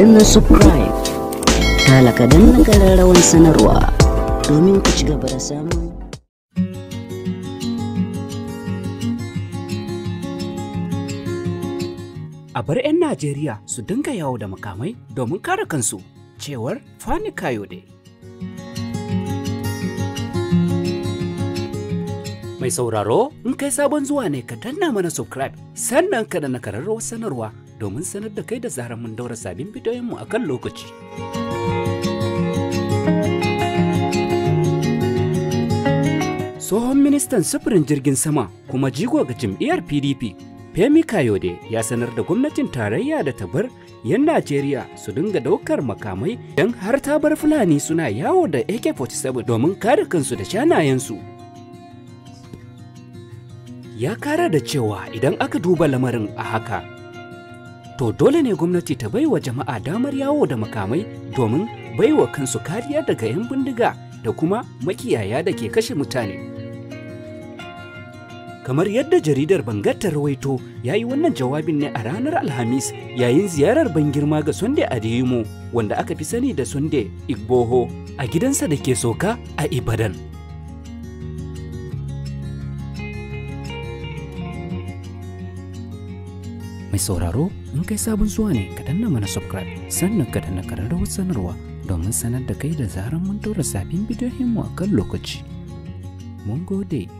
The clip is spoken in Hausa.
danna subscribe tala ka danna kararrawan sanarwa domin ku ci gaba da samun a bar 'yan najeriya su dinga yawo da makamai domin kare kansu cewar fani kayode Mai sauraro, in kai sabon zuwa ne ka danna mana subscribe, sannan ka da na sanarwa domin sanar da kai da zarar mun daura sabin bidiyoyinmu a kan lokaci. Tsohon ministan sufurin jirgin sama kuma jigo ga jam'iyyar PDP, Femi Kayode ya sanar da gwamnatin tarayya da ta bar 'yan Najeriya su dinga daukar makamai don har ta bar Fulani suna yawo da AK-47 domin kare kansu da shanayensu. Ya kara da cewa idan aka duba lamarin a haka, to dole ne gwamnati ta baiwa jama'a damar yawo da makamai domin baiwa kansu kariya daga 'yan bindiga da kuma makiyaya da ke kashe mutane. Kamar yadda jaridar Bangar rawaito ya yi wannan jawabin ne a ranar Alhamis yayin ziyarar ban girma ga Sunday Adeyemo wanda aka fi sani da Sunday Igboho a gidansa da ke soka a Ibadan. mai sauraro in kai sabon zuwa ne ka danna mana subscribe sannan ka danna kararrawar sanarwa domin sanar da kai da zaran mun tura sabbin mu a kan lokaci mun gode